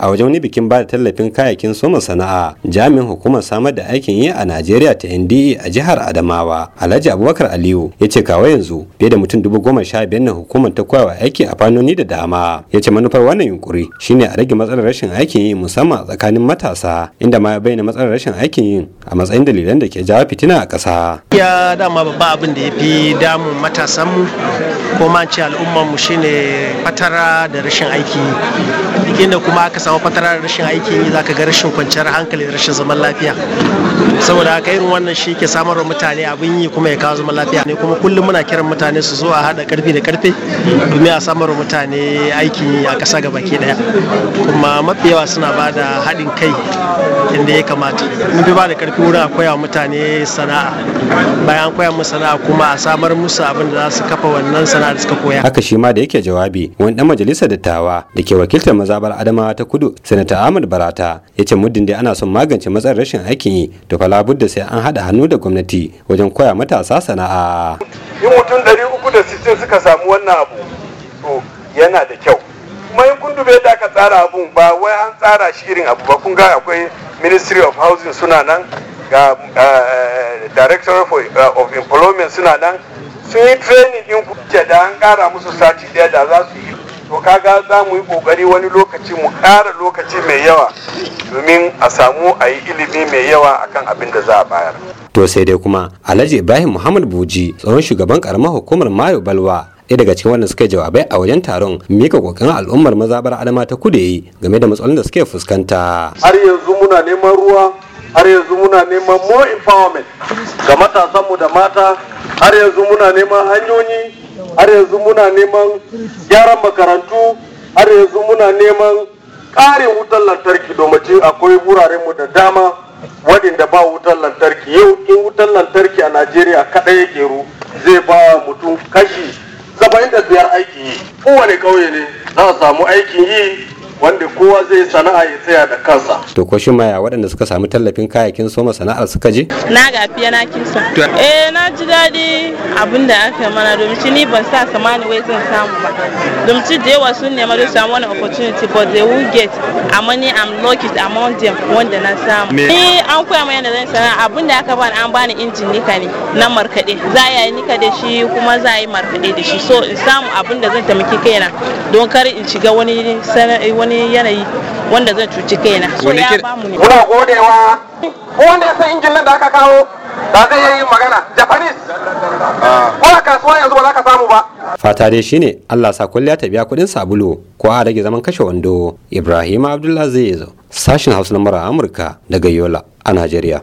a wajen wani bikin ba da tallafin kayayyakin soma sana'a jami'in hukumar samar da aikin yi a najeriya ta nde a jihar adamawa alhaji abubakar aliyu ya ce kawo yanzu fiye da mutum dubu goma sha biyar na hukumar ta koyawa aiki a fannoni da dama ya ce manufar wannan yunkuri shine a rage matsalar rashin aikin yi musamman a tsakanin matasa inda ma ya bayyana matsalar rashin aikin yi a matsayin dalilan da ke jawo fitina a ƙasa. ya dama babba abin da ya fi damun matasanmu ko ma ce al'ummarmu shine fatara da rashin aiki inda kuma aka kawo da rashin aikin yi zaka ga rashin kwanciyar hankali da rashin zaman lafiya saboda haka irin wannan shi ke samar wa mutane abin yi kuma ya kawo zaman lafiya ne kuma kullum muna kiran mutane su zo a haɗa karfi da karfe domin a samar wa mutane aikin yi a ƙasa baki ɗaya kuma mafi yawa suna ba da haɗin kai inda ya kamata mun fi ba da karfi wurin a koya mutane sana'a bayan koya musu sana'a kuma a samar musu abin da za su kafa wannan sana'a da suka koya haka shi ma da yake jawabi wani dan majalisar dattawa da ke wakiltar mazabar adamawa ta kudu kudu sanata ahmad barata ya ce muddin dai ana son magance matsalar rashin aikin yi to fa labudda sai an haɗa hannu da gwamnati wajen koya matasa sana'a in mutum ɗari uku da sittin suka samu wannan abu to yana da kyau kuma in kun dube da aka tsara abun ba wai an tsara shi irin abu ba kun ga akwai ministry of housing suna nan ga eh, director eh, of employment suna nan sun yi training din kuke da an kara musu sati daya da za su yi to kaga za mu yi kokari wani lokaci mu ƙara lokaci mai yawa domin a samu a yi ilimi mai yawa akan abin da za a bayar to sai dai kuma alhaji ibrahim muhammad buji tsohon shugaban karamar hukumar mayo balwa ɗaya daga cikin wanda suka jawabai a wajen taron mika kokarin al'ummar mazabar adama ta yi, game da matsalolin da suke fuskanta har yanzu muna neman ruwa har yanzu muna neman more empowerment ga matasanmu da mata har yanzu muna neman hanyoyi har yanzu muna neman gyaran makarantu har yanzu muna neman ƙarin wutar lantarki domin akwai mu da dama waɗanda ba wutar lantarki yau in wutar lantarki a najeriya kaɗai ya keru zai ba mutum kashi saba'in da biyar aikin yi kowane ƙauye ne za a samu aikin yi wanda kowa zai sana'a ya tsaya da kansa. To ko shi maya waɗanda suka samu tallafin kayakin soma sana'ar suka je? Na ga fiye na kinsa. Eh na ji daɗi abin da aka mana domin shi ni ban sa samani wai zan samu ba. Domin shi da yawa sun nema don samu wani opportunity but they will get a money im lucky among them wanda na samu. Ni an koya mana yadda zan sana'a abin da aka bani an bani injin nika ne na markaɗe. Za a yi nika da shi kuma za a yi markaɗe da shi so in samu abin da zan taimaki kaina don kar in shiga wani wani yanayi wanda zan cuci kaina so ya ba mu ne muna godewa ko wanda ya san injin nan da aka kawo da zai yi magana japanese ko a kasuwa yanzu ba za ka samu ba fata dai shine Allah sa kulliya ta biya kudin sabulu ko a rage zaman kashe wando Ibrahim abdullahi zai sashin Hausa na Amurka daga Yola a Najeriya